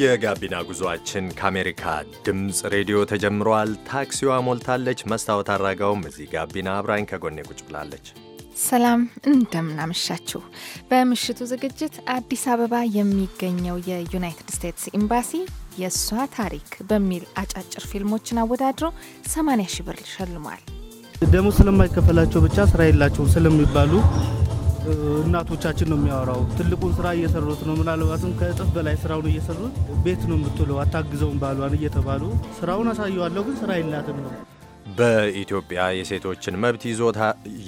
የጋቢና ጉዟችን ከአሜሪካ ድምፅ ሬዲዮ ተጀምሯል። ታክሲዋ ሞልታለች። መስታወት አድራጋውም እዚህ ጋቢና አብራኝ ከጎኔ ቁጭ ብላለች። ሰላም እንደምናመሻችሁ። በምሽቱ ዝግጅት አዲስ አበባ የሚገኘው የዩናይትድ ስቴትስ ኤምባሲ የእሷ ታሪክ በሚል አጫጭር ፊልሞችን አወዳድሮ 80 ሺ ብር ሸልሟል። ደሞዝ ስለማይከፈላቸው ብቻ ስራ የላቸውም ስለሚባሉ እናቶቻችን ነው የሚያወራው። ትልቁን ስራ እየሰሩት ነው። ምናልባትም ከእጥፍ በላይ ስራውን እየሰሩት ቤት ነው የምትውለው፣ አታግዘውን ባሏን እየተባሉ ስራውን አሳየዋለሁ፣ ግን ስራ የላትም ነው። በኢትዮጵያ የሴቶችን መብት ይዞታ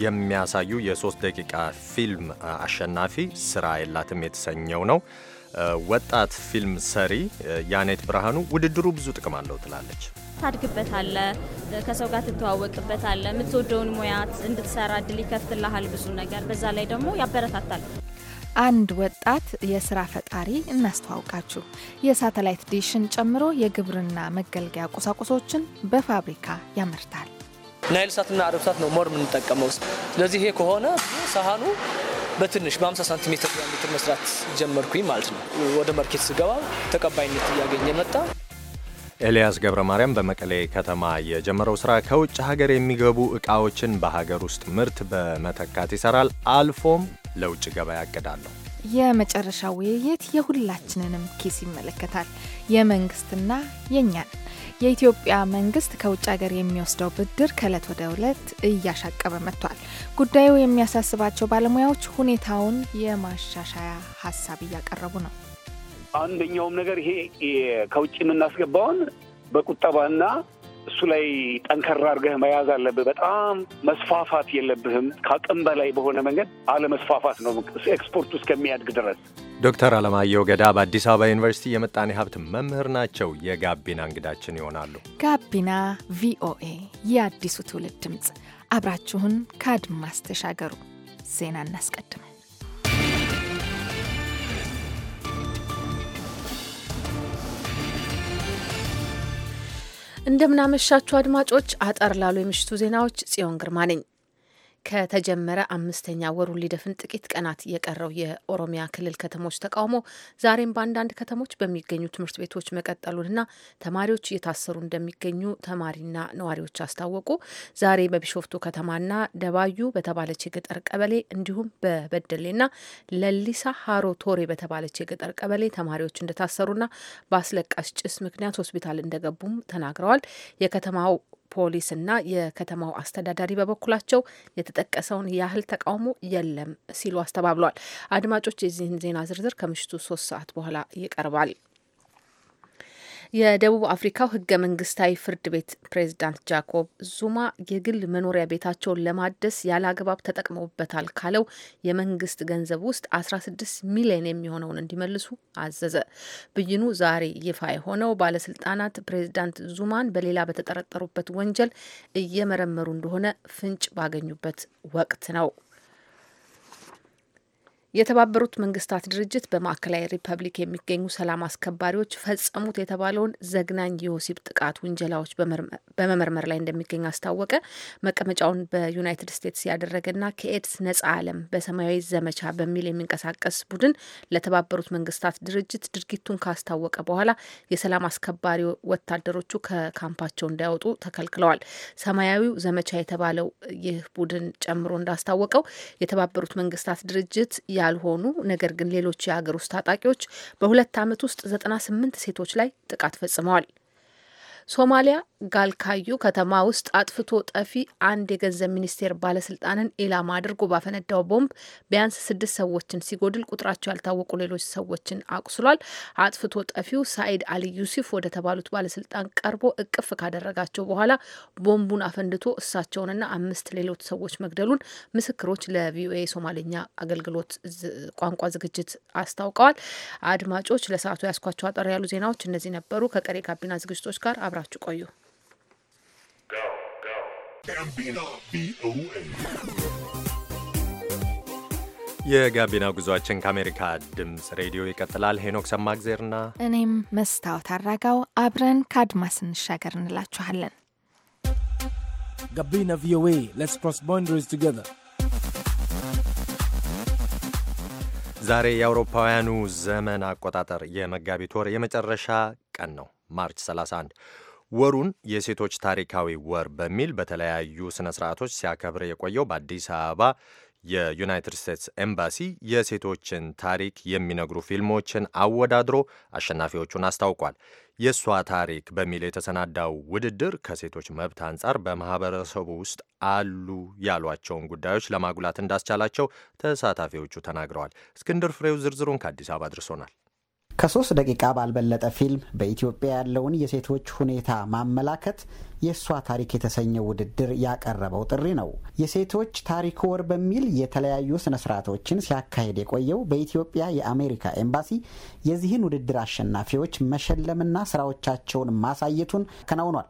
የሚያሳዩ የሶስት ደቂቃ ፊልም አሸናፊ ስራ የላትም የተሰኘው ነው። ወጣት ፊልም ሰሪ ያኔት ብርሃኑ ውድድሩ ብዙ ጥቅም አለው ትላለች። ታድግበታለ፣ ከሰው ጋር ትተዋወቅበታለ፣ የምትወደውን ሙያት እንድትሰራ እድል ይከፍትልሃል ብዙ ነገር። በዛ ላይ ደግሞ ያበረታታል። አንድ ወጣት የስራ ፈጣሪ እናስተዋውቃችሁ። የሳተላይት ዲሽን ጨምሮ የግብርና መገልገያ ቁሳቁሶችን በፋብሪካ ያመርታል። ናይል ሳትና አረብ ሳት ነው ሞር የምንጠቀመው። ስለዚህ ይሄ ከሆነ ሳህኑ በትንሽ በ50 ሳንቲሜትር ሜትር መስራት ጀመርኩኝ ማለት ነው። ወደ ማርኬት ስገባ ተቀባይነት እያገኘ መጣ። ኤልያስ ገብረ ማርያም በመቀሌ ከተማ የጀመረው ስራ ከውጭ ሀገር የሚገቡ እቃዎችን በሀገር ውስጥ ምርት በመተካት ይሰራል። አልፎም ለውጭ ገበያ ያቅዳለሁ። የመጨረሻው ውይይት የሁላችንንም ኪስ ይመለከታል። የመንግስትና የእኛን። የኢትዮጵያ መንግስት ከውጭ ሀገር የሚወስደው ብድር ከእለት ወደ እለት እያሻቀበ መጥቷል። ጉዳዩ የሚያሳስባቸው ባለሙያዎች ሁኔታውን የማሻሻያ ሀሳብ እያቀረቡ ነው። አንደኛውም ነገር ይሄ ከውጭ የምናስገባውን በቁጠባና እሱ ላይ ጠንከራ አድርገህ መያዝ አለብህ። በጣም መስፋፋት የለብህም። ከአቅም በላይ በሆነ መንገድ አለመስፋፋት ነው ኤክስፖርቱ እስከሚያድግ ድረስ። ዶክተር አለማየሁ ገዳ በአዲስ አበባ ዩኒቨርሲቲ የምጣኔ ሀብት መምህር ናቸው። የጋቢና እንግዳችን ይሆናሉ። ጋቢና ቪኦኤ፣ የአዲሱ ትውልድ ድምፅ። አብራችሁን ከአድማስ ተሻገሩ። ዜና እናስቀድም። እንደምናመሻችሁ አድማጮች፣ አጠር ላሉ የምሽቱ ዜናዎች ጽዮን ግርማ ነኝ። ከተጀመረ አምስተኛ ወሩን ሊደፍን ጥቂት ቀናት የቀረው የኦሮሚያ ክልል ከተሞች ተቃውሞ ዛሬም በአንዳንድ ከተሞች በሚገኙ ትምህርት ቤቶች መቀጠሉንና ተማሪዎች እየታሰሩ እንደሚገኙ ተማሪና ነዋሪዎች አስታወቁ። ዛሬ በቢሾፍቱ ከተማና ደባዩ በተባለች የገጠር ቀበሌ እንዲሁም በበደሌና ለሊሳ ሀሮ ቶሬ በተባለች የገጠር ቀበሌ ተማሪዎች እንደታሰሩና በአስለቃሽ ጭስ ምክንያት ሆስፒታል እንደገቡም ተናግረዋል። የከተማው ፖሊስና የከተማው አስተዳዳሪ በበኩላቸው የተጠቀሰውን ያህል ተቃውሞ የለም ሲሉ አስተባብሏል። አድማጮች የዚህን ዜና ዝርዝር ከምሽቱ ሶስት ሰዓት በኋላ ይቀርባል። የደቡብ አፍሪካው ህገ መንግስታዊ ፍርድ ቤት ፕሬዝዳንት ጃኮብ ዙማ የግል መኖሪያ ቤታቸውን ለማደስ ያለ አግባብ ተጠቅመውበታል ካለው የመንግስት ገንዘብ ውስጥ 16 ሚሊዮን የሚሆነውን እንዲመልሱ አዘዘ። ብይኑ ዛሬ ይፋ የሆነው ባለስልጣናት ፕሬዝዳንት ዙማን በሌላ በተጠረጠሩበት ወንጀል እየመረመሩ እንደሆነ ፍንጭ ባገኙበት ወቅት ነው። የተባበሩት መንግስታት ድርጅት በማዕከላዊ ሪፐብሊክ የሚገኙ ሰላም አስከባሪዎች ፈጸሙት የተባለውን ዘግናኝ የወሲብ ጥቃት ውንጀላዎች በመመርመር ላይ እንደሚገኝ አስታወቀ። መቀመጫውን በዩናይትድ ስቴትስ ያደረገና ከኤድስ ነጻ ዓለም በሰማያዊ ዘመቻ በሚል የሚንቀሳቀስ ቡድን ለተባበሩት መንግስታት ድርጅት ድርጊቱን ካስታወቀ በኋላ የሰላም አስከባሪ ወታደሮቹ ከካምፓቸው እንዳይወጡ ተከልክለዋል። ሰማያዊው ዘመቻ የተባለው ይህ ቡድን ጨምሮ እንዳስታወቀው የተባበሩት መንግስታት ድርጅት ያልሆኑ ነገር ግን ሌሎች የሀገር ውስጥ ታጣቂዎች በሁለት ዓመት ውስጥ ዘጠና ስምንት ሴቶች ላይ ጥቃት ፈጽመዋል። ሶማሊያ ጋልካዩ ከተማ ውስጥ አጥፍቶ ጠፊ አንድ የገንዘብ ሚኒስቴር ባለስልጣንን ኢላማ አድርጎ ባፈነዳው ቦምብ ቢያንስ ስድስት ሰዎችን ሲጎድል ቁጥራቸው ያልታወቁ ሌሎች ሰዎችን አቁስሏል። አጥፍቶ ጠፊው ሳኢድ አሊ ዩሲፍ ወደ ተባሉት ባለስልጣን ቀርቦ እቅፍ ካደረጋቸው በኋላ ቦምቡን አፈንድቶ እሳቸውንና አምስት ሌሎች ሰዎች መግደሉን ምስክሮች ለቪኦኤ ሶማሌኛ አገልግሎት ቋንቋ ዝግጅት አስታውቀዋል። አድማጮች ለሰዓቱ ያስኳቸው አጠር ያሉ ዜናዎች እነዚህ ነበሩ። ከቀሪ ካቢና ዝግጅቶች ጋር አብራ አብራችሁ ቆዩ። የጋቢና ጉዟችን ከአሜሪካ ድምፅ ሬዲዮ ይቀጥላል። ሄኖክ ሰማግዜርና እኔም መስታወት አራጋው አብረን ከአድማስ እንሻገር እንላችኋለን። ጋቢና ቪኦኤ ሌትስ ክሮስ ቦንደሪስ ቱጌዘር። ዛሬ የአውሮፓውያኑ ዘመን አቆጣጠር የመጋቢት ወር የመጨረሻ ቀን ነው፣ ማርች 31 ወሩን የሴቶች ታሪካዊ ወር በሚል በተለያዩ ስነ ስርዓቶች ሲያከብር የቆየው በአዲስ አበባ የዩናይትድ ስቴትስ ኤምባሲ የሴቶችን ታሪክ የሚነግሩ ፊልሞችን አወዳድሮ አሸናፊዎቹን አስታውቋል። የእሷ ታሪክ በሚል የተሰናዳው ውድድር ከሴቶች መብት አንጻር በማህበረሰቡ ውስጥ አሉ ያሏቸውን ጉዳዮች ለማጉላት እንዳስቻላቸው ተሳታፊዎቹ ተናግረዋል። እስክንድር ፍሬው ዝርዝሩን ከአዲስ አበባ አድርሶናል። ከሶስት ደቂቃ ባልበለጠ ፊልም በኢትዮጵያ ያለውን የሴቶች ሁኔታ ማመላከት የእሷ ታሪክ የተሰኘው ውድድር ያቀረበው ጥሪ ነው። የሴቶች ታሪክ ወር በሚል የተለያዩ ስነ ስርዓቶችን ሲያካሄድ የቆየው በኢትዮጵያ የአሜሪካ ኤምባሲ የዚህን ውድድር አሸናፊዎች መሸለምና ስራዎቻቸውን ማሳየቱን ከናውኗል።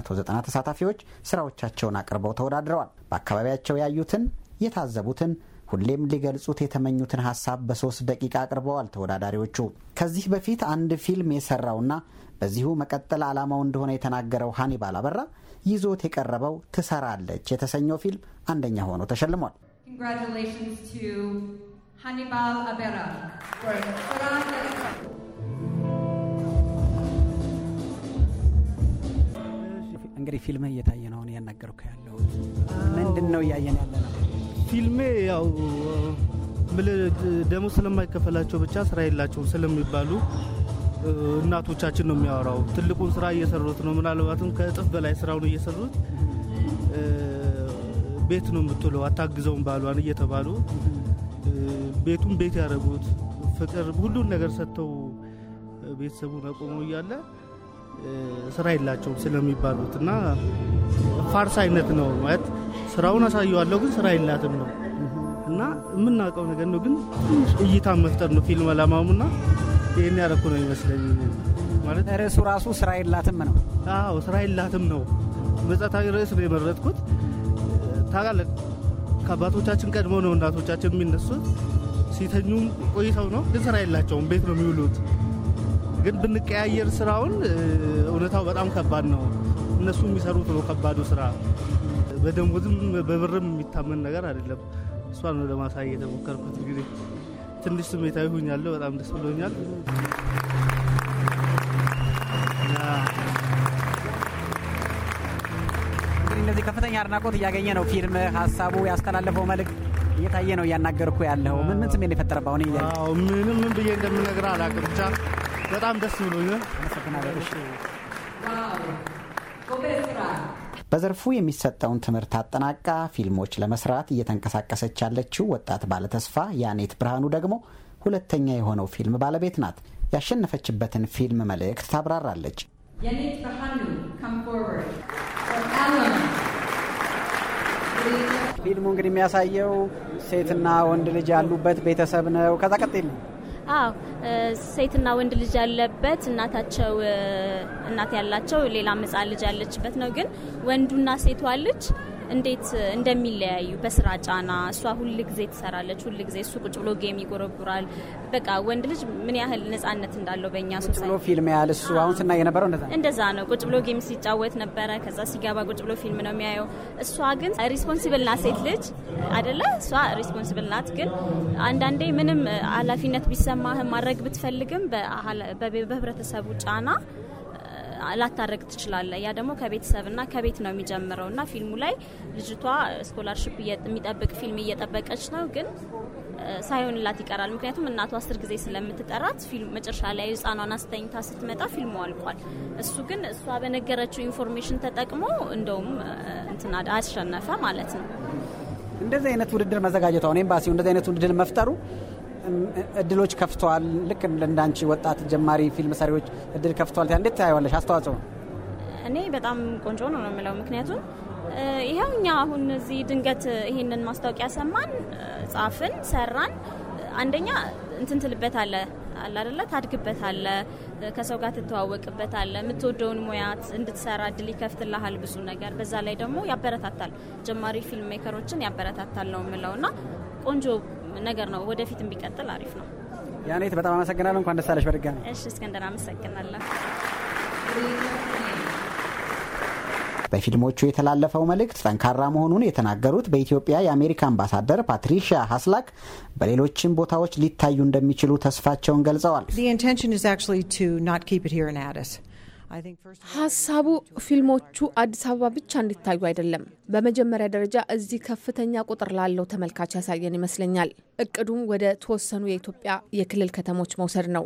190 ተሳታፊዎች ስራዎቻቸውን አቅርበው ተወዳድረዋል። በአካባቢያቸው ያዩትን የታዘቡትን ሁሌም ሊገልጹት የተመኙትን ሀሳብ በሶስት ደቂቃ አቅርበዋል ተወዳዳሪዎቹ። ከዚህ በፊት አንድ ፊልም የሰራውና በዚሁ መቀጠል ዓላማው እንደሆነ የተናገረው ሀኒባል አበራ ይዞት የቀረበው ትሰራለች የተሰኘው ፊልም አንደኛ ሆኖ ተሸልሟል። እንግዲህ ፊልምህ እየታየ ነው ያናገርኩህ ያለው ምንድን ነው እያየን ያለ ነው ፊልሜ ያው ደሞዝ ስለማይከፈላቸው ብቻ ስራ የላቸውም ስለሚባሉ እናቶቻችን ነው የሚያወራው። ትልቁን ስራ እየሰሩት ነው። ምናልባትም ከእጥፍ በላይ ስራውን እየሰሩት ቤት ነው የምትውለው፣ አታግዘውም ባሏን እየተባሉ ቤቱን ቤት ያደረጉት ፍቅር፣ ሁሉን ነገር ሰጥተው ቤተሰቡን አቆመው እያለ ስራ የላቸውም ስለሚባሉት እና ፋርስ አይነት ነው ማለት ስራውን አሳየዋለሁ፣ ግን ስራ የላትም ነው እና የምናውቀው ነገር ነው፣ ግን እይታ መፍጠር ነው ፊልም ና ይህን ያረኩ ነው ይመስለኝ። ማለት ርዕሱ ራሱ ስራ የላትም ነው። አዎ ስራ የላትም ነው። መጻታዊ ርዕስ ነው የመረጥኩት። ታቃለ ከአባቶቻችን ቀድሞ ነው እናቶቻችን የሚነሱት። ሲተኙም ቆይተው ነው፣ ግን ስራ የላቸውም። ቤት ነው የሚውሉት። ግን ብንቀያየር ስራውን እውነታው በጣም ከባድ ነው። እነሱ የሚሰሩት ነው ከባዱ ስራ በደሞዝም በብርም የሚታመን ነገር አይደለም። እሷ ነው ለማሳየት የተሞከርኩት። እንግዲህ ትንሽ ስሜታዊ ሆኛለሁ። በጣም ደስ ብሎኛል። እንደዚህ ከፍተኛ አድናቆት እያገኘ ነው ፊልም። ሀሳቡ ያስተላለፈው መልእክት እየታየ ነው። እያናገርኩ ያለው ምን ምን ስሜት የፈጠረብህ? አሁን ምንም ምን ብዬ እንደምነግርህ አላውቅም። ብቻ በጣም ደስ ብሎኛል። አመሰግናለሁ። በዘርፉ የሚሰጠውን ትምህርት አጠናቃ ፊልሞች ለመስራት እየተንቀሳቀሰች ያለችው ወጣት ባለተስፋ ያኔት ብርሃኑ ደግሞ ሁለተኛ የሆነው ፊልም ባለቤት ናት። ያሸነፈችበትን ፊልም መልእክት ታብራራለች። ፊልሙ እንግዲህ የሚያሳየው ሴትና ወንድ ልጅ ያሉበት ቤተሰብ ነው። ከዛ ቀጥል አዎ ሴትና ወንድ ልጅ ያለበት እናታቸው እናት ያላቸው ሌላ ሕፃን ልጅ ያለችበት ነው። ግን ወንዱና ሴቷ ልጅ እንዴት እንደሚለያዩ በስራ ጫና፣ እሷ ሁል ጊዜ ትሰራለች፣ ሁል ጊዜ እሱ ቁጭ ብሎ ጌም ይጎረጉራል። በቃ ወንድ ልጅ ምን ያህል ነጻነት እንዳለው በእኛ ሶ ቁጭ ብሎ ፊልም ያህል እሱ አሁን ስና የነበረው እንደዛ ነው። ቁጭ ብሎ ጌም ሲጫወት ነበረ። ከዛ ሲገባ ቁጭ ብሎ ፊልም ነው የሚያየው። እሷ ግን ሪስፖንሲብል ናት፣ ሴት ልጅ አደለ? እሷ ሪስፖንሲብል ናት። ግን አንዳንዴ ምንም ኃላፊነት ቢሰማህም ማድረግ ብትፈልግም በህብረተሰቡ ጫና ላታረግ ትችላለ። ያ ደግሞ ከቤተሰብና ከቤት ነው የሚጀምረው እና ፊልሙ ላይ ልጅቷ ስኮላርሽፕ የሚጠብቅ ፊልም እየጠበቀች ነው ግን ሳይሆንላት ይቀራል። ምክንያቱም እናቷ አስር ጊዜ ስለምትጠራት መጨረሻ ላይ ህፃኗን አስተኝታ ስትመጣ ፊልሙ አልቋል። እሱ ግን እሷ በነገረችው ኢንፎርሜሽን ተጠቅሞ እንደውም እንትና አሸነፈ ማለት ነው። እንደዚህ አይነት ውድድር መዘጋጀቷ አሁን ኤምባሲው እንደዚህ አይነት ውድድር መፍጠሩ እድሎች ከፍተዋል። ልክ እንዳንቺ ወጣት ጀማሪ ፊልም ሰሪዎች እድል ከፍተዋል። እንዴት ታየዋለሽ? አስተዋጽኦ እኔ በጣም ቆንጆ ነው ነው የምለው ምክንያቱም ይኸው እኛ አሁን እዚህ ድንገት ይህንን ማስታወቂያ ሰማን፣ ጻፍን፣ ሰራን። አንደኛ እንትን ትልበት አለ አለ ታድግበት አለ ከሰው ጋር ትተዋወቅበት አለ የምትወደውን ሙያት እንድትሰራ እድል ይከፍትልሃል ብዙ ነገር። በዛ ላይ ደግሞ ያበረታታል ጀማሪ ፊልም ሜከሮችን ያበረታታል ነው የምለው እና ቆንጆ ነገር ነው። ወደፊት ቢቀጥል አሪፍ ነው። ያኔት በጣም አመሰግናለሁ። እንኳን ደስ አለሽ በድጋሚ። እሺ እስክንድር አመሰግናለሁ። በፊልሞቹ የተላለፈው መልእክት ጠንካራ መሆኑን የተናገሩት በኢትዮጵያ የአሜሪካ አምባሳደር ፓትሪሺያ ሀስላክ በሌሎችም ቦታዎች ሊታዩ እንደሚችሉ ተስፋቸውን ገልጸዋል። ሀሳቡ ፊልሞቹ አዲስ አበባ ብቻ እንዲታዩ አይደለም። በመጀመሪያ ደረጃ እዚህ ከፍተኛ ቁጥር ላለው ተመልካች ያሳየን ይመስለኛል። እቅዱም ወደ ተወሰኑ የኢትዮጵያ የክልል ከተሞች መውሰድ ነው።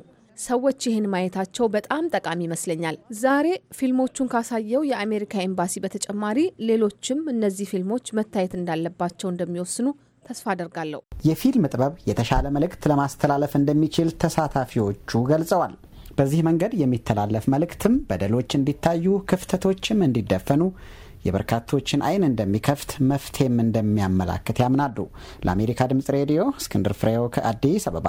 ሰዎች ይህን ማየታቸው በጣም ጠቃሚ ይመስለኛል። ዛሬ ፊልሞቹን ካሳየው የአሜሪካ ኤምባሲ በተጨማሪ ሌሎችም እነዚህ ፊልሞች መታየት እንዳለባቸው እንደሚወስኑ ተስፋ አደርጋለሁ። የፊልም ጥበብ የተሻለ መልእክት ለማስተላለፍ እንደሚችል ተሳታፊዎቹ ገልጸዋል። በዚህ መንገድ የሚተላለፍ መልእክትም በደሎች እንዲታዩ፣ ክፍተቶችም እንዲደፈኑ የበርካቶችን አይን እንደሚከፍት መፍትሄም እንደሚያመላክት ያምናሉ። ለአሜሪካ ድምጽ ሬዲዮ እስክንድር ፍሬው ከአዲስ አበባ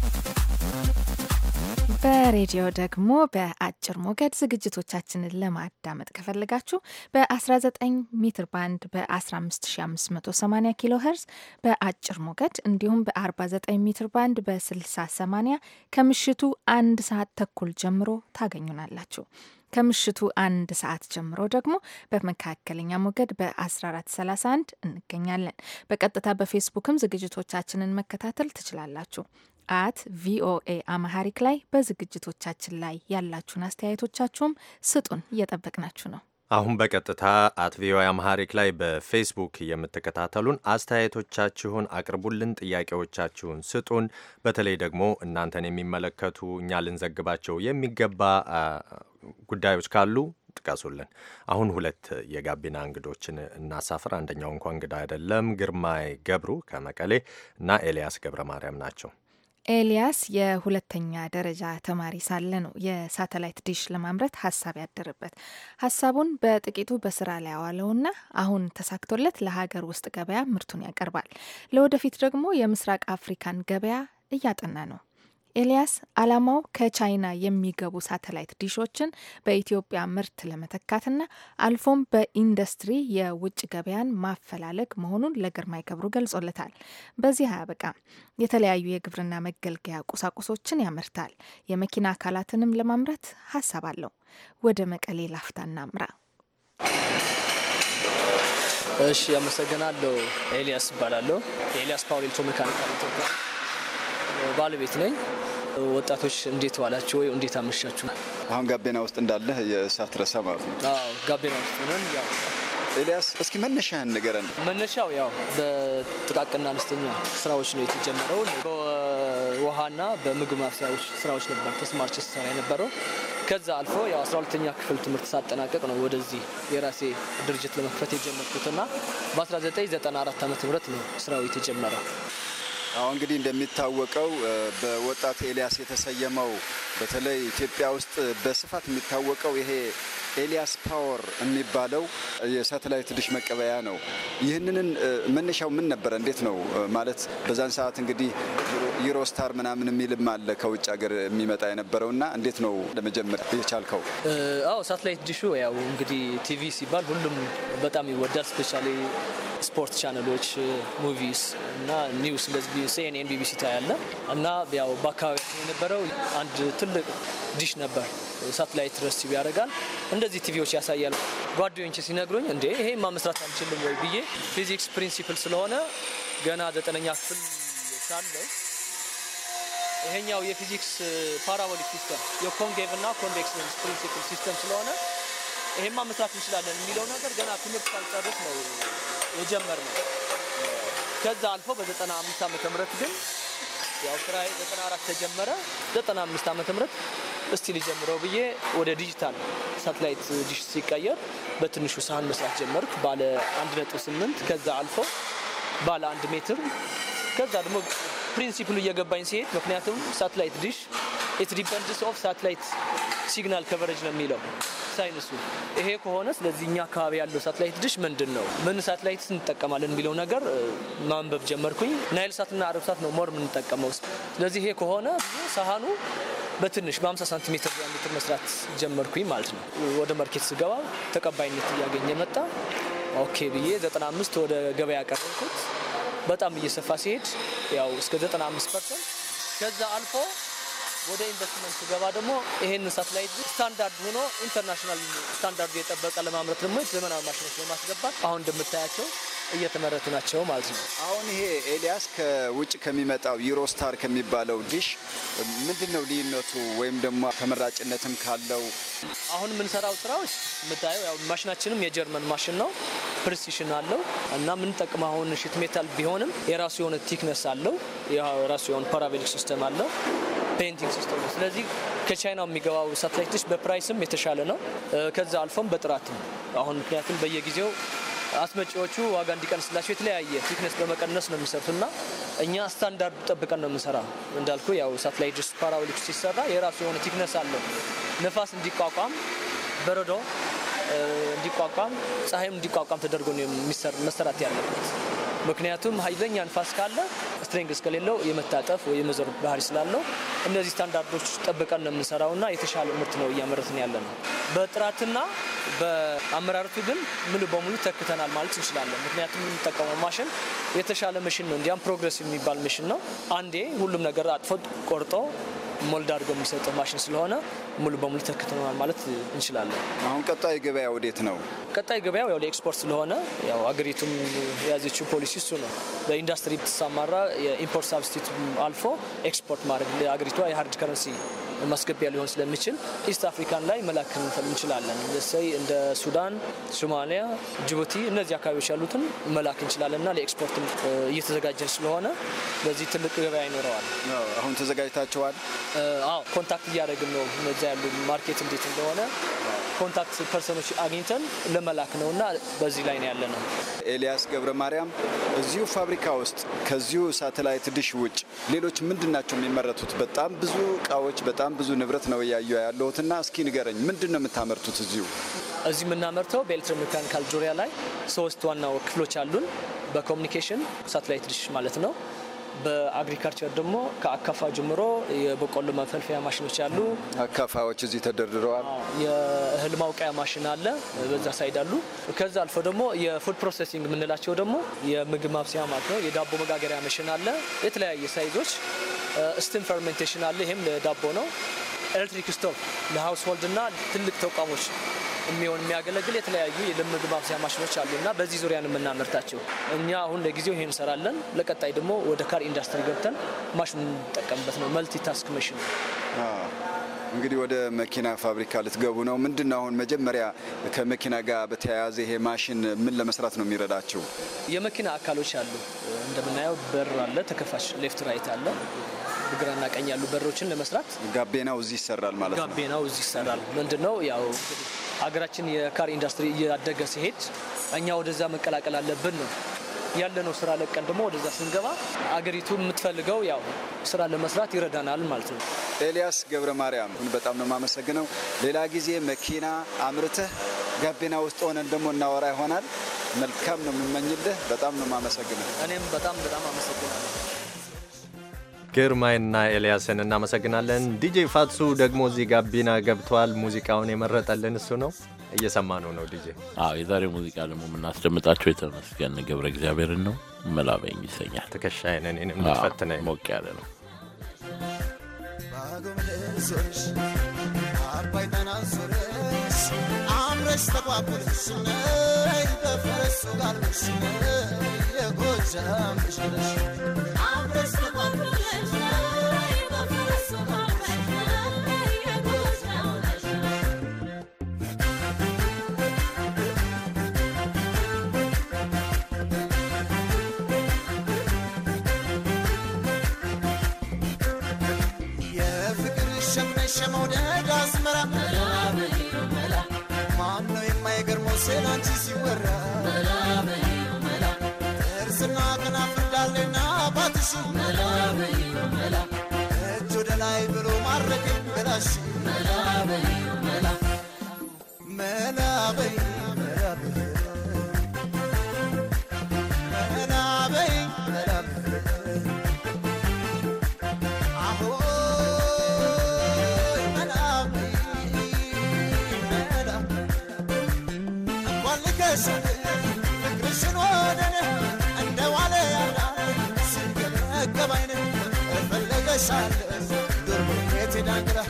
በሬዲዮ ደግሞ በአጭር ሞገድ ዝግጅቶቻችንን ለማዳመጥ ከፈለጋችሁ በ19 ሜትር ባንድ በ15580 ኪሎ ሄርዝ በአጭር ሞገድ እንዲሁም በ49 ሜትር ባንድ በ6080 ከምሽቱ አንድ ሰዓት ተኩል ጀምሮ ታገኙናላችሁ። ከምሽቱ አንድ ሰዓት ጀምሮ ደግሞ በመካከለኛ ሞገድ በ1431 እንገኛለን። በቀጥታ በፌስቡክም ዝግጅቶቻችንን መከታተል ትችላላችሁ። አት ቪኦኤ አማሐሪክ ላይ በዝግጅቶቻችን ላይ ያላችሁን አስተያየቶቻችሁም ስጡን፣ እየጠበቅናችሁ ነው። አሁን በቀጥታ አት ቪኦኤ አማሐሪክ ላይ በፌስቡክ የምትከታተሉን አስተያየቶቻችሁን አቅርቡልን፣ ጥያቄዎቻችሁን ስጡን። በተለይ ደግሞ እናንተን የሚመለከቱ እኛ ልንዘግባቸው የሚገባ ጉዳዮች ካሉ ጥቀሱልን። አሁን ሁለት የጋቢና እንግዶችን እናሳፍር። አንደኛው እንኳ እንግዳ አይደለም፣ ግርማይ ገብሩ ከመቀሌ እና ኤልያስ ገብረ ማርያም ናቸው። ኤልያስ የሁለተኛ ደረጃ ተማሪ ሳለ ነው የሳተላይት ዲሽ ለማምረት ሀሳብ ያደረበት። ሀሳቡን በጥቂቱ በስራ ላይ ያዋለውና አሁን ተሳክቶለት ለሀገር ውስጥ ገበያ ምርቱን ያቀርባል። ለወደፊት ደግሞ የምስራቅ አፍሪካን ገበያ እያጠና ነው። ኤልያስ አላማው ከቻይና የሚገቡ ሳተላይት ዲሾችን በኢትዮጵያ ምርት ለመተካትና አልፎም በኢንዱስትሪ የውጭ ገበያን ማፈላለግ መሆኑን ለግርማይ ገብሩ ገልጾለታል። በዚህ አያበቃም። የተለያዩ የግብርና መገልገያ ቁሳቁሶችን ያመርታል። የመኪና አካላትንም ለማምረት ሀሳብ አለው። ወደ መቀሌ ላፍታ እናምራ። እሺ፣ አመሰግናለሁ። ኤልያስ ይባላለሁ። ኤልያስ ፓወር ኤሌክትሮሜካኒካል ኢትዮጵያ ባለቤት ነኝ። ወጣቶች እንዴት ዋላችሁ ወይ እንዴት አመሻችሁ? አሁን ጋቤና ውስጥ እንዳለህ የሳትረሳ ማለት ነው። ጋቤና ውስጥ ሆነን ያው ኤልያስ፣ እስኪ መነሻህን ንገረን። መነሻው ያው በጥቃቅና አነስተኛ ስራዎች ነው የተጀመረው። በውሃና በምግብ ማብሰያዎች ስራዎች ነበር ተስማርች ስሰራ የነበረው። ከዛ አልፎ ያው 12ኛ ክፍል ትምህርት ሳጠናቀቅ ነው ወደዚህ የራሴ ድርጅት ለመክፈት የጀመርኩትና በ1994 ዓ ም ነው ስራው የተጀመረው። አሁን እንግዲህ እንደሚታወቀው በወጣት ኤልያስ የተሰየመው በተለይ ኢትዮጵያ ውስጥ በስፋት የሚታወቀው ይሄ ኤልያስ ፓወር የሚባለው የሳተላይት ድሽ መቀበያ ነው። ይህንንን መነሻው ምን ነበረ? እንዴት ነው ማለት በዛን ሰዓት እንግዲህ ዩሮስታር ምናምን የሚልም አለ ከውጭ ሀገር የሚመጣ የነበረው እና እንዴት ነው ለመጀመር የቻልከው? አዎ ሳተላይት ድሹ ያው እንግዲህ ቲቪ ሲባል ሁሉም በጣም ይወዳል። ስፔሻሊ ስፖርት ቻነሎች፣ ሙቪስ እና ኒውስ እንደዚህ ሲኤንኤን ቢቢሲ ታያለ እና ያው በአካባቢ የነበረው አንድ ትልቅ ዲሽ ነበር። ሳትላይት ረሲቭ ቲቪ ያደርጋል። እንደዚህ ቲቪዎች ያሳያሉ። ጓደኞች ሲነግሩኝ እንዴ ይሄ መስራት አንችልም ወይ ብዬ ፊዚክስ ፕሪንሲፕል ስለሆነ ገና ዘጠነኛ ክፍል ሳለው ይሄኛው የፊዚክስ ፓራቦሊክ ሲስተም የኮንጌቭ እና ኮንቬክስ ፕሪንሲፕል ሲስተም ስለሆነ ይሄማ መስራት እንችላለን የሚለው ነገር ገና ትምህርት ሳልጨርስ ነው ነው ከዛ አልፎ በ95 ዓመተ ምህረት ግን ያው ስራዬ 94 ተጀመረ። 95 ዓመተ ምህረት እስቲ ልጀምረው ብዬ ወደ ዲጂታል ሳተላይት ዲሽ ሲቀየር በትንሹ ሳህን መስራት ጀመርኩ። ባለ 1.8 ከዛ አልፎ ባለ 1 ሜትር ከዛ ደግሞ ፕሪንሲፕሉ እየገባኝ ሲሄድ ምክንያቱም ሳተላይት ዲሽ ኢት ዲፐንድስ ኦፍ ሳትላይት ሲግናል ከቨሬጅ ነው የሚለው ሳይንሱ ይሄ ከሆነ ስለዚህ እኛ አካባቢ ያለው ሳትላይት ድሽ ምንድን ነው፣ ምን ሳትላይት እንጠቀማለን የሚለው ነገር ማንበብ ጀመርኩኝ። ናይል ሳትና አረብ ሳት ነው ሞር የምንጠቀመው። ስለዚህ ይሄ ከሆነ ሳህኑ በትንሽ በ50 ሳንቲሜትር ሜትር መስራት ጀመርኩኝ ማለት ነው። ወደ ማርኬት ስገባ ተቀባይነት እያገኘ መጣ። ኦኬ ብዬ 95 ወደ ገበያ ያቀረብኩት በጣም እየሰፋ ሲሄድ ያው እስከ 95 ፐርሰንት ከዛ አልፎ ወደ ኢንቨስትመንት ስገባ ደግሞ ይሄን ሳተላይት ስታንዳርድ ሆኖ ኢንተርናሽናል ስታንዳርድ የጠበቀ ለማምረት ደግሞ ዘመናዊ ማሽኖች ለማስገባት አሁን እንደምታያቸው እየተመረቱ ናቸው ማለት ነው። አሁን ይሄ ኤልያስ ከውጭ ከሚመጣው ዩሮስታር ከሚባለው ዲሽ ምንድን ነው ልዩነቱ ወይም ደግሞ ተመራጭነትም ካለው አሁን የምንሰራው ስራዎች የምታየው ያው ማሽናችንም የጀርመን ማሽን ነው። ፕሪሲሽን አለው እና የምንጠቅመው አሁን ሽት ሜታል ቢሆንም የራሱ የሆነ ቲክነስ አለው። የራሱ የሆነ ፓራቤሊክ ሲስተም አለው። ፔንቲንግ ሲስተም ነው። ስለዚህ ከቻይና የሚገባው ሳተላይቶች በፕራይስም የተሻለ ነው፣ ከዛ አልፎም በጥራትም አሁን ምክንያቱም በየጊዜው አስመጪዎቹ ዋጋ እንዲቀንስላቸው የተለያየ ቲክነስ በመቀነስ ነው የሚሰሩትና እኛ ስታንዳርድ ጠብቀን ነው የምንሰራ። እንዳልኩ ያው ሳተላይት ፓራቦሊክ ሲሰራ የራሱ የሆነ ቲክነስ አለው። ነፋስ እንዲቋቋም በረዶ እንዲቋቋም ፀሐይም እንዲቋቋም ተደርጎ ነው መሰራት ያለበት። ምክንያቱም ኃይለኛ ንፋስ ካለ ስትሬንግ እስከሌለው የመታጠፍ ወይ የመዞር ባህሪ ስላለው እነዚህ ስታንዳርዶች ጠብቀን ነው የምንሰራውና የተሻለ ምርት ነው እያመረትን ያለ ነው። በጥራትና በአመራረቱ ግን ሙሉ በሙሉ ተክተናል ማለት እንችላለን። ምክንያቱም የምንጠቀመው ማሽን የተሻለ መሽን ነው። እንዲያም ፕሮግረስ የሚባል መሽን ነው። አንዴ ሁሉም ነገር አጥፎ ቆርጦ ሞልድ አድርጎ የሚሰጠው ማሽን ስለሆነ ሙሉ በሙሉ ተክትነዋል ማለት እንችላለን። አሁን ቀጣይ ገበያ ወዴት ነው? ቀጣይ ገበያ ወደ ኤክስፖርት ስለሆነ ያው አገሪቱም የያዘችው ፖሊሲ እሱ ነው። በኢንዱስትሪ ብትሰማራ የኢምፖርት ሳብስቲት አልፎ ኤክስፖርት ማድረግ ለአገሪቷ የሀርድ ከረንሲ ማስገቢያ ሊሆን ስለሚችል ኢስት አፍሪካን ላይ መላክ እንችላለን። ለሰይ እንደ ሱዳን፣ ሶማሊያ፣ ጅቡቲ እነዚህ አካባቢዎች ያሉትን መላክ እንችላለን እና ለኤክስፖርት እየተዘጋጀን ስለሆነ በዚህ ትልቅ ገበያ ይኖረዋል። አሁን ተዘጋጅታቸዋል? አዎ ኮንታክት እያደረግን ነው። እነዚያ ያሉ ማርኬት እንዴት እንደሆነ ኮንታክት ፐርሰኖች አግኝተን ለመላክ ነው እና በዚህ ላይ ነው ያለ ነው። ኤልያስ ገብረ ማርያም፣ እዚሁ ፋብሪካ ውስጥ ከዚሁ ሳተላይት ድሽ ውጭ ሌሎች ምንድን ናቸው የሚመረቱት? በጣም ብዙ እቃዎች፣ በጣም ብዙ ንብረት ነው እያዩ ያለሁትና እስኪ ንገረኝ፣ ምንድን ነው የምታመርቱት እዚሁ? እዚህ የምናመርተው በኤሌክትሮሜካኒካል ዙሪያ ላይ ሶስት ዋና ክፍሎች አሉን። በኮሚኒኬሽን ሳተላይት ድሽ ማለት ነው በአግሪካልቸር ደግሞ ከአካፋ ጀምሮ የበቆሎ መፈልፈያ ማሽኖች አሉ። አካፋዎች እዚህ ተደርድረዋል። የእህል ማውቂያ ማሽን አለ፣ በዛ ሳይድ አሉ። ከዛ አልፎ ደግሞ የፉድ ፕሮሴሲንግ የምንላቸው ደግሞ የምግብ ማብሰያ ማለት ነው። የዳቦ መጋገሪያ ማሽን አለ፣ የተለያየ ሳይዞች። ስቲም ፈርሜንቴሽን አለ፣ ይህም ለዳቦ ነው። ኤሌክትሪክ ስቶቭ ለሃውስሆልድ እና ትልቅ ተቋሞች የሚሆን የሚያገለግል የተለያዩ የልምድ ማብሰያ ማሽኖች አሉ እና በዚህ ዙሪያ የምናመርታቸው። እኛ አሁን ለጊዜው ይሄ እንሰራለን። ለቀጣይ ደግሞ ወደ ካር ኢንዱስትሪ ገብተን ማሽኑን የምንጠቀምበት ነው። መልቲ ታስክ መሽን እንግዲህ ወደ መኪና ፋብሪካ ልትገቡ ነው። ምንድን ነው አሁን መጀመሪያ ከመኪና ጋር በተያያዘ ይሄ ማሽን ምን ለመስራት ነው የሚረዳቸው? የመኪና አካሎች አሉ። እንደምናየው በር አለ፣ ተከፋሽ ሌፍት ራይት አለ። ግራና ቀኝ ያሉ በሮችን ለመስራት ጋቤናው እዚህ ይሰራል ማለት ነው። ጋቤናው እዚህ ይሰራል። ምንድን ነው ያው ሀገራችን የካር ኢንዱስትሪ እያደገ ሲሄድ እኛ ወደዛ መቀላቀል አለብን ነው ያለነው። ስራ ለቀን ደግሞ ወደዛ ስንገባ አገሪቱ የምትፈልገው ያው ስራ ለመስራት ይረዳናል ማለት ነው። ኤልያስ ገብረ ማርያም በጣም ነው የማመሰግነው። ሌላ ጊዜ መኪና አምርተህ ጋቢና ውስጥ ሆነን ደግሞ እናወራ ይሆናል። መልካም ነው የምመኝልህ። በጣም ነው የማመሰግነው። እኔም በጣም በጣም አመሰግናለሁ። ግርማይና ኤልያስን እናመሰግናለን። ዲጄ ፋትሱ ደግሞ እዚህ ጋቢና ገብተዋል። ሙዚቃውን የመረጠልን እሱ ነው። እየሰማ ነው ነው ዲጄ። አዎ የዛሬው ሙዚቃ ደግሞ የምናስደምጣቸው የተመስገን ገብረ እግዚአብሔርን ነው። መላበኝ ይሰኛል። ትከሻዬን እኔን የምትፈትነ ሞቅ ያለ ነው። በፈረሱ ጋር I'm ሸመውደድ አስመራ ማነው የማይገርመው ስላንቺ ሲወራ እጅ ወደ ላይ ብሎ ማድረግ መላ መላ መላ ይበሻል ዶርም ቤት ዳንግራ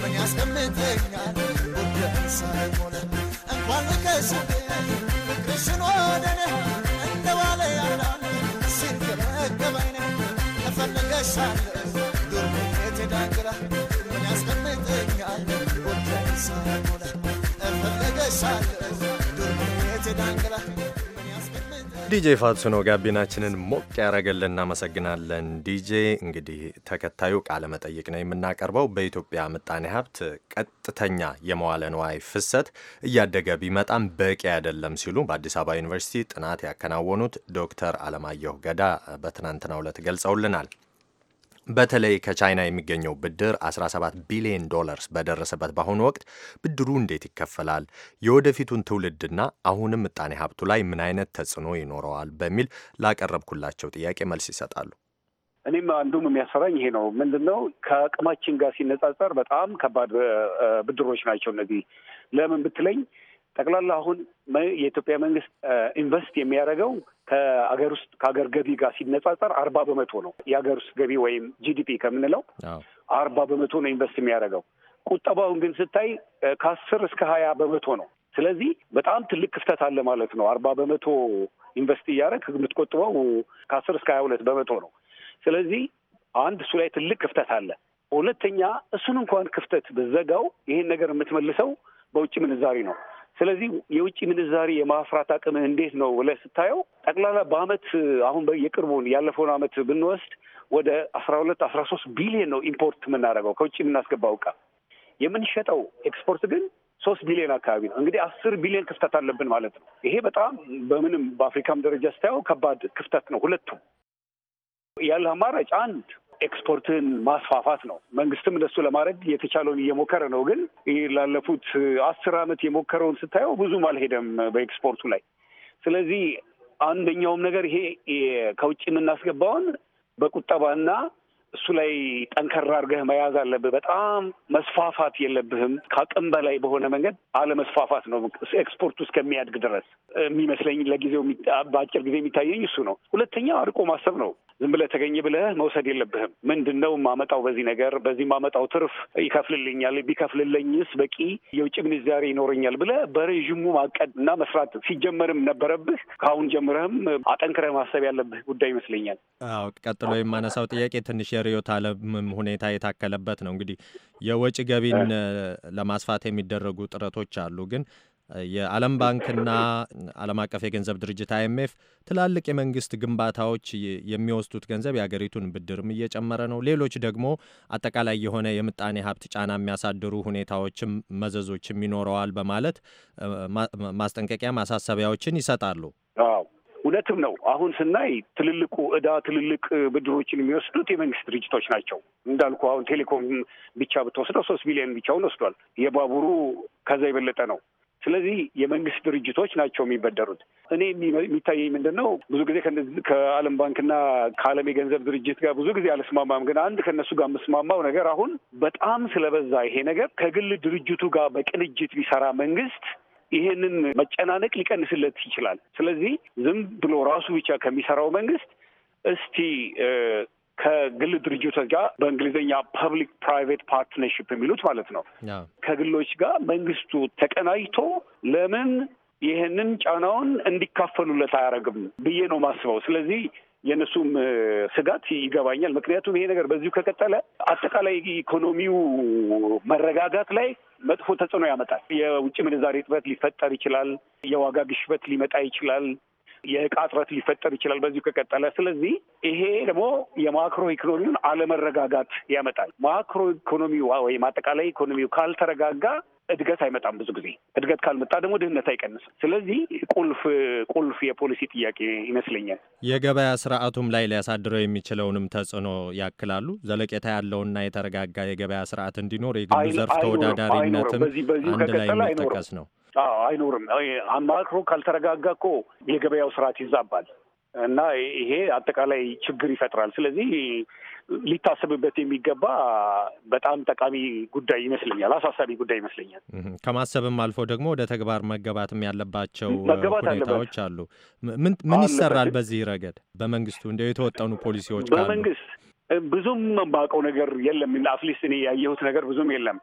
ምን ያስቀምጠኛል ዲጄ ፋትሱ ነው ጋቢናችንን ሞቅ ያደረገልን። እናመሰግናለን ዲጄ። እንግዲህ ተከታዩ ቃለ መጠይቅ ነው የምናቀርበው። በኢትዮጵያ ምጣኔ ሀብት ቀጥተኛ የመዋለ ንዋይ ፍሰት እያደገ ቢመጣም በቂ አይደለም ሲሉ በአዲስ አበባ ዩኒቨርሲቲ ጥናት ያከናወኑት ዶክተር አለማየሁ ገዳ በትናንትናው ዕለት ገልጸውልናል። በተለይ ከቻይና የሚገኘው ብድር 17 ቢሊዮን ዶላርስ በደረሰበት በአሁኑ ወቅት ብድሩ እንዴት ይከፈላል፣ የወደፊቱን ትውልድና አሁንም ምጣኔ ሀብቱ ላይ ምን አይነት ተጽዕኖ ይኖረዋል በሚል ላቀረብኩላቸው ጥያቄ መልስ ይሰጣሉ። እኔም አንዱም የሚያሰራኝ ይሄ ነው። ምንድን ነው ከአቅማችን ጋር ሲነጻጸር በጣም ከባድ ብድሮች ናቸው እነዚህ። ለምን ብትለኝ ጠቅላላ አሁን የኢትዮጵያ መንግስት ኢንቨስት የሚያደርገው ከአገር ውስጥ ከሀገር ገቢ ጋር ሲነጻጸር አርባ በመቶ ነው የሀገር ውስጥ ገቢ ወይም ጂዲፒ ከምንለው አርባ በመቶ ነው ኢንቨስት የሚያደርገው። ቁጠባውን ግን ስታይ ከአስር እስከ ሀያ በመቶ ነው። ስለዚህ በጣም ትልቅ ክፍተት አለ ማለት ነው። አርባ በመቶ ኢንቨስት እያደረግ የምትቆጥበው ከአስር እስከ ሀያ ሁለት በመቶ ነው። ስለዚህ አንድ እሱ ላይ ትልቅ ክፍተት አለ። ሁለተኛ እሱን እንኳን ክፍተት ብዘጋው ይሄን ነገር የምትመልሰው በውጭ ምንዛሪ ነው። ስለዚህ የውጭ ምንዛሪ የማፍራት አቅም እንዴት ነው ብለህ ስታየው ጠቅላላ በአመት አሁን የቅርቡን ያለፈውን አመት ብንወስድ ወደ አስራ ሁለት አስራ ሶስት ቢሊዮን ነው ኢምፖርት የምናደርገው ከውጭ የምናስገባው እቃ የምንሸጠው ኤክስፖርት ግን ሶስት ቢሊዮን አካባቢ ነው። እንግዲህ አስር ቢሊዮን ክፍተት አለብን ማለት ነው። ይሄ በጣም በምንም በአፍሪካም ደረጃ ስታየው ከባድ ክፍተት ነው። ሁለቱም ያለ አማራጭ አንድ ኤክስፖርትን ማስፋፋት ነው። መንግስትም እንደሱ ለማድረግ የተቻለውን እየሞከረ ነው። ግን ይህ ላለፉት አስር አመት የሞከረውን ስታየው ብዙም አልሄደም በኤክስፖርቱ ላይ። ስለዚህ አንደኛውም ነገር ይሄ ከውጭ የምናስገባውን በቁጠባና እሱ ላይ ጠንከራ አድርገህ መያዝ አለብህ። በጣም መስፋፋት የለብህም። ከአቅም በላይ በሆነ መንገድ አለመስፋፋት ነው ኤክስፖርቱ እስከሚያድግ ድረስ የሚመስለኝ ለጊዜው በአጭር ጊዜ የሚታየኝ እሱ ነው። ሁለተኛ አርቆ ማሰብ ነው። ዝም ብለህ ተገኘ ብለህ መውሰድ የለብህም። ምንድን ነው የማመጣው በዚህ ነገር በዚህ የማመጣው ትርፍ ይከፍልልኛል፣ ቢከፍልልኝስ በቂ የውጭ ምንዛሬ ይኖረኛል ብለህ በረዥሙ ማቀድ እና መስራት ሲጀመርም ነበረብህ። ከአሁን ጀምረህም አጠንክረህ ማሰብ ያለብህ ጉዳይ ይመስለኛል። አዎ፣ ቀጥሎ የማነሳው ጥያቄ ትንሽ የርዕዮተ ዓለምም ሁኔታ የታከለበት ነው። እንግዲህ የወጪ ገቢን ለማስፋት የሚደረጉ ጥረቶች አሉ ግን የዓለም ባንክና ዓለም አቀፍ የገንዘብ ድርጅት አይኤምኤፍ ትላልቅ የመንግስት ግንባታዎች የሚወስዱት ገንዘብ የአገሪቱን ብድርም እየጨመረ ነው። ሌሎች ደግሞ አጠቃላይ የሆነ የምጣኔ ሀብት ጫና የሚያሳድሩ ሁኔታዎችም መዘዞችም ይኖረዋል በማለት ማስጠንቀቂያ ማሳሰቢያዎችን ይሰጣሉ። እውነትም ነው። አሁን ስናይ ትልልቁ እዳ ትልልቅ ብድሮችን የሚወስዱት የመንግስት ድርጅቶች ናቸው። እንዳልኩ አሁን ቴሌኮም ብቻ ብትወስደው ሶስት ቢሊዮን ብቻውን ወስዷል። የባቡሩ ከዛ የበለጠ ነው። ስለዚህ የመንግስት ድርጅቶች ናቸው የሚበደሩት። እኔ የሚታየኝ ምንድን ነው ብዙ ጊዜ ከዓለም ባንክና ከዓለም የገንዘብ ድርጅት ጋር ብዙ ጊዜ አልስማማም፣ ግን አንድ ከእነሱ ጋር የምስማማው ነገር አሁን በጣም ስለበዛ ይሄ ነገር ከግል ድርጅቱ ጋር በቅንጅት ቢሰራ መንግስት ይሄንን መጨናነቅ ሊቀንስለት ይችላል። ስለዚህ ዝም ብሎ ራሱ ብቻ ከሚሰራው መንግስት እስቲ ከግል ድርጅቶች ጋር በእንግሊዝኛ ፐብሊክ ፕራይቬት ፓርትነርሽፕ የሚሉት ማለት ነው። ከግሎች ጋር መንግስቱ ተቀናጅቶ ለምን ይህንን ጫናውን እንዲካፈሉለት አያደርግም ብዬ ነው ማስበው። ስለዚህ የእነሱም ስጋት ይገባኛል። ምክንያቱም ይሄ ነገር በዚሁ ከቀጠለ አጠቃላይ ኢኮኖሚው መረጋጋት ላይ መጥፎ ተጽዕኖ ያመጣል። የውጭ ምንዛሬ ጥበት ሊፈጠር ይችላል። የዋጋ ግሽበት ሊመጣ ይችላል። የእቃ እጥረት ሊፈጠር ይችላል በዚሁ ከቀጠለ። ስለዚህ ይሄ ደግሞ የማክሮ ኢኮኖሚውን አለመረጋጋት ያመጣል። ማክሮ ኢኮኖሚው ወይም አጠቃላይ ኢኮኖሚው ካልተረጋጋ እድገት አይመጣም። ብዙ ጊዜ እድገት ካልመጣ ደግሞ ድህነት አይቀንስም። ስለዚህ ቁልፍ ቁልፍ የፖሊሲ ጥያቄ ይመስለኛል። የገበያ ስርዓቱም ላይ ሊያሳድረው የሚችለውንም ተጽዕኖ ያክላሉ። ዘለቄታ ያለውና የተረጋጋ የገበያ ስርዓት እንዲኖር የግሉ ዘርፍ ተወዳዳሪነትም አንድ ላይ የሚጠቀስ ነው። አይኖርም። ማክሮ ካልተረጋጋ እኮ የገበያው ስርዓት ይዛባል። እና ይሄ አጠቃላይ ችግር ይፈጥራል። ስለዚህ ሊታሰብበት የሚገባ በጣም ጠቃሚ ጉዳይ ይመስለኛል፣ አሳሳቢ ጉዳይ ይመስለኛል። ከማሰብም አልፎ ደግሞ ወደ ተግባር መገባትም ያለባቸው ሁኔታዎች አሉ። ምን ይሰራል በዚህ ረገድ በመንግስቱ እንደ የተወጠኑ ፖሊሲዎች በመንግስት ብዙም የማውቀው ነገር የለም። አትሊስት እኔ ያየሁት ነገር ብዙም የለም።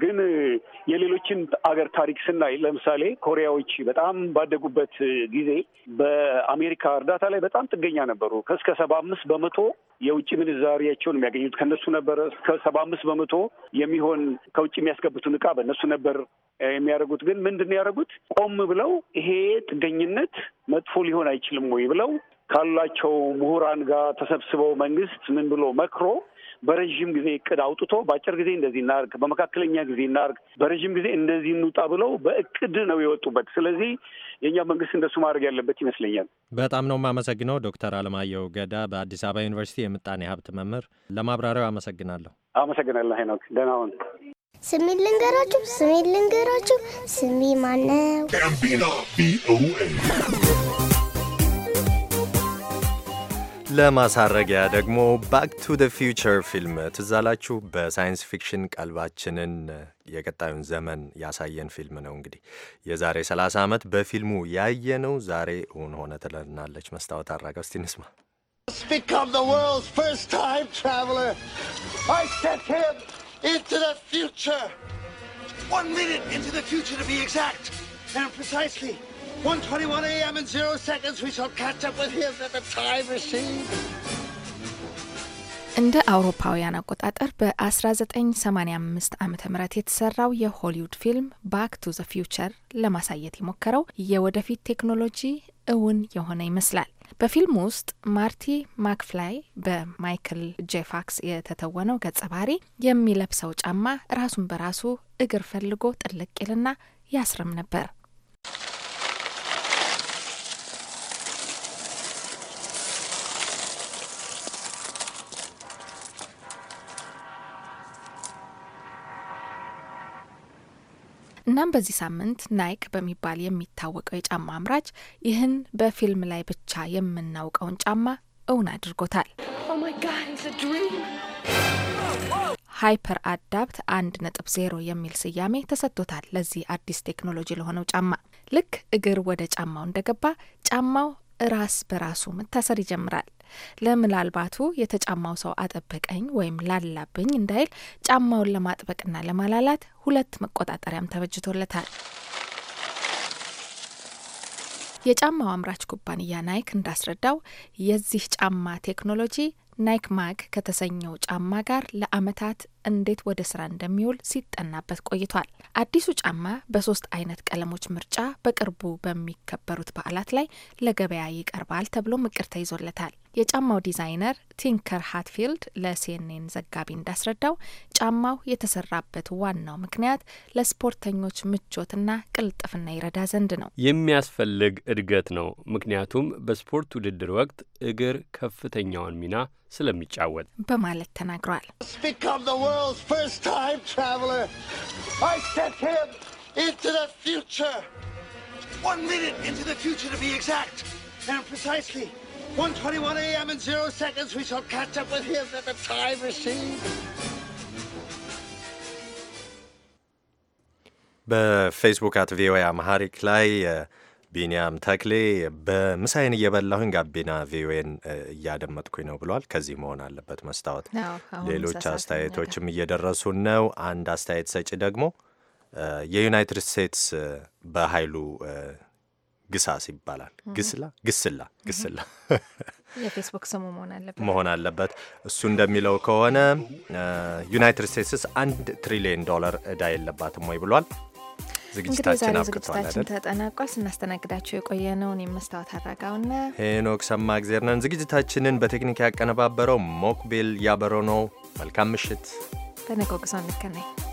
ግን የሌሎችን አገር ታሪክ ስናይ ለምሳሌ ኮሪያዎች በጣም ባደጉበት ጊዜ በአሜሪካ እርዳታ ላይ በጣም ጥገኛ ነበሩ። ከእስከ ሰባ አምስት በመቶ የውጭ ምንዛሪያቸውን የሚያገኙት ከነሱ ነበር እስከ ሰባ አምስት በመቶ የሚሆን ከውጭ የሚያስገቡትን እቃ በእነሱ ነበር የሚያደርጉት። ግን ምንድን ነው ያደረጉት? ቆም ብለው ይሄ ጥገኝነት መጥፎ ሊሆን አይችልም ወይ ብለው ካላቸው ምሁራን ጋር ተሰብስበው መንግስት ምን ብሎ መክሮ በረዥም ጊዜ እቅድ አውጥቶ በአጭር ጊዜ እንደዚህ እናርግ፣ በመካከለኛ ጊዜ እናርግ፣ በረዥም ጊዜ እንደዚህ እንውጣ ብለው በእቅድ ነው የወጡበት። ስለዚህ የእኛ መንግስት እንደሱ ማድረግ ያለበት ይመስለኛል። በጣም ነው የማመሰግነው ዶክተር አለማየሁ ገዳ በአዲስ አበባ ዩኒቨርሲቲ የምጣኔ ሀብት መምህር፣ ለማብራሪያው አመሰግናለሁ። አመሰግናለሁ ሄኖክ። ደህና ሁን። ልንገራችሁ ስሜ ልንገራችሁ ስሜ ማነው? ለማሳረጊያ ደግሞ ባክ ቱ ደ ፊውቸር ፊልም ትዛላችሁ። በሳይንስ ፊክሽን ቀልባችንን የቀጣዩን ዘመን ያሳየን ፊልም ነው። እንግዲህ የዛሬ 30 ዓመት በፊልሙ ያየነው ዛሬ እውን ሆነ ትለናለች መስታወት አድራጋ። እስቲ እንስማ። One minute into the future to be exact. And precisely 121 a.m. in zero seconds, we shall catch up with him at the time machine. እንደ አውሮፓውያን አቆጣጠር በ1985 ዓ ም የተሰራው የሆሊውድ ፊልም ባክ ቱ ዘ ፊውቸር ለማሳየት የሞከረው የወደፊት ቴክኖሎጂ እውን የሆነ ይመስላል። በፊልም ውስጥ ማርቲ ማክፍላይ በማይክል ጄፋክስ የተተወነው ገጸ ባህሪ የሚለብሰው ጫማ ራሱን በራሱ እግር ፈልጎ ጥልቅ ይልና ያስርም ነበር። እናም በዚህ ሳምንት ናይክ በሚባል የሚታወቀው የጫማ አምራች ይህን በፊልም ላይ ብቻ የምናውቀውን ጫማ እውን አድርጎታል። oh ሃይፐር አዳፕት አንድ ነጥብ ዜሮ የሚል ስያሜ ተሰጥቶታል ለዚህ አዲስ ቴክኖሎጂ ለሆነው ጫማ። ልክ እግር ወደ ጫማው እንደገባ ጫማው ራስ በራሱ መታሰር ይጀምራል። ለምናልባቱ የተጫማው ሰው አጠበቀኝ ወይም ላላብኝ እንዳይል ጫማውን ለማጥበቅና ለማላላት ሁለት መቆጣጠሪያም ተበጅቶለታል። የጫማው አምራች ኩባንያ ናይክ እንዳስረዳው የዚህ ጫማ ቴክኖሎጂ ናይክ ማግ ከተሰኘው ጫማ ጋር ለአመታት እንዴት ወደ ስራ እንደሚውል ሲጠናበት ቆይቷል። አዲሱ ጫማ በሶስት አይነት ቀለሞች ምርጫ በቅርቡ በሚከበሩት በዓላት ላይ ለገበያ ይቀርባል ተብሎ እቅድ ተይዞለታል። የጫማው ዲዛይነር ቲንከር ሃትፊልድ ለሲኤንኤን ዘጋቢ እንዳስረዳው ጫማው የተሰራበት ዋናው ምክንያት ለስፖርተኞች ምቾትና ቅልጥፍና ይረዳ ዘንድ ነው። የሚያስፈልግ እድገት ነው። ምክንያቱም በስፖርት ውድድር ወቅት እግር ከፍተኛውን ሚና ስለሚጫወት በማለት ተናግሯል። world's first time traveler. I sent him into the future. One minute into the future, to be exact. And precisely 1.21 a.m. in zero seconds, we shall catch up with him at the time machine. በፌስቡክ አት ቪኦኤ አምሃሪክ ላይ ቢንያም ተክሌ በምሳይን እየበላሁኝ ጋቢና ቪኦኤን እያደመጥኩኝ ነው ብሏል። ከዚህ መሆን አለበት መስታወት። ሌሎች አስተያየቶችም እየደረሱ ነው። አንድ አስተያየት ሰጪ ደግሞ የዩናይትድ ስቴትስ በኃይሉ ግሳስ ይባላል። ግስላ ግስላ ግስላ የፌስቡክ ስሙ መሆን አለበት መሆን አለበት። እሱ እንደሚለው ከሆነ ዩናይትድ ስቴትስስ አንድ ትሪሊየን ዶላር እዳ የለባትም ወይ ብሏል። ዝግጅታችን አብቅቷል። ተጠናቋል። ስናስተናግዳቸው የቆየ ነውን የመስታወት አድራጋውና ሄኖክ ሰማ እግዜር ነን። ዝግጅታችንን በቴክኒክ ያቀነባበረው ሞክቤል ያበረው ነው። መልካም ምሽት። በነገው ጉዞ እንገናኝ።